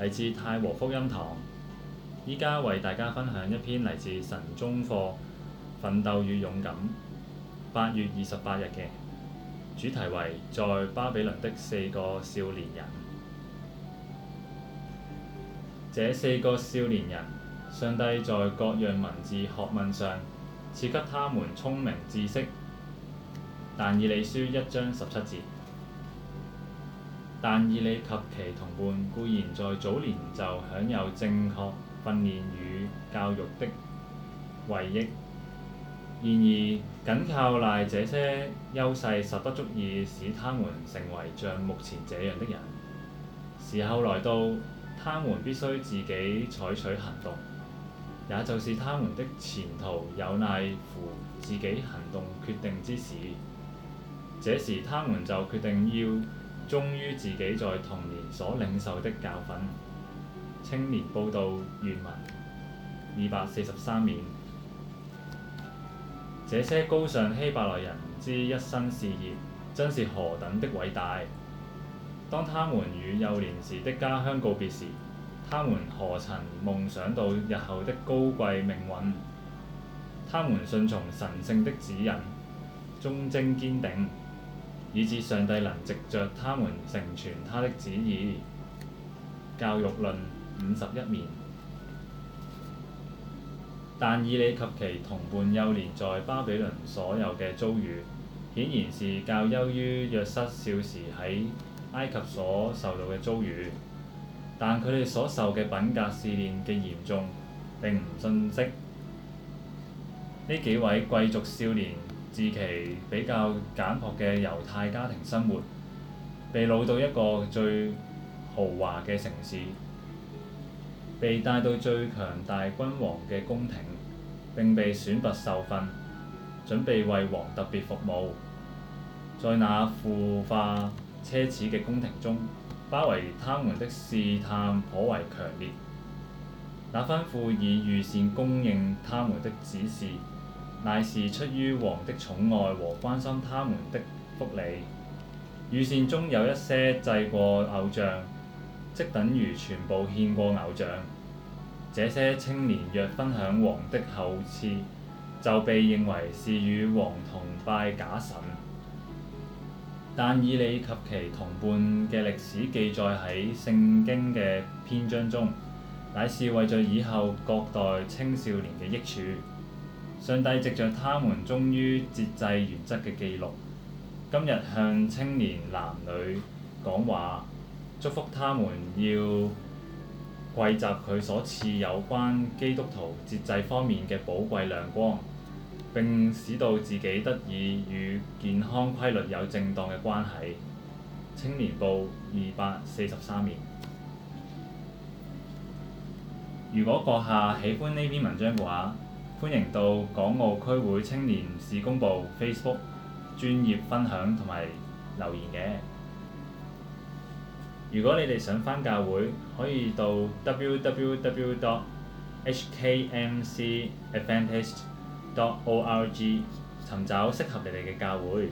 嚟自太和福音堂，依家為大家分享一篇嚟自神中課《奮鬥與勇敢》，八月二十八日嘅主題為《在巴比倫的四個少年人》。這四個少年人，上帝在各樣文字學問上賜給他們聰明知識，但以理書一章十七節。但以理及其同伴固然在早年就享有正確訓練與教育的遺益，然而僅靠賴這些優勢實不足以使他們成為像目前這樣的人。時候來到，他們必須自己採取行動，也就是他們的前途有賴乎自己行動決定之時，這時他們就決定要。忠於自己在童年所領受的教訓。青年報道原文二百四十三面，這些高尚希伯來人之一生事業，真是何等的偉大！當他們與幼年時的家鄉告別時，他們何曾夢想到日後的高貴命運？他們順從神聖的指引，忠貞堅定。以至上帝能藉着他們成全他的旨意。教育論五十一面。但以理及其同伴幼年在巴比倫所有嘅遭遇，顯然是較優於約瑟少時喺埃及所受到嘅遭遇。但佢哋所受嘅品格試煉嘅嚴重並唔遜色。呢幾位貴族少年，自其比較簡樸嘅猶太家庭生活，被擄到一個最豪華嘅城市，被帶到最強大君王嘅宮廷，並被選拔受訓，準備為王特別服務。在那腐化奢侈嘅宮廷中，包圍他們的試探頗為強烈。那番富以預先供應他們的指示。乃是出於王的寵愛和關心他們的福利。御膳中有一些祭過偶像，即等於全部獻過偶像。這些青年若分享王的厚賜，就被認為是與王同拜假神。但以理及其同伴嘅歷史記載喺聖經嘅篇章中，乃是為著以後各代青少年嘅益處。上帝藉著他們忠於節制原則嘅記錄，今日向青年男女講話，祝福他們要攢集佢所賜有關基督徒節制方面嘅寶貴亮光，並使到自己得以與健康規律有正當嘅關係。青年報二百四十三年。如果閣下喜歡呢篇文章嘅話，歡迎到港澳區會青年事工部 Facebook 專頁分享同埋留言嘅。如果你哋想返教會，可以到 www.hkmcadventist.org 尋找適合你哋嘅教會。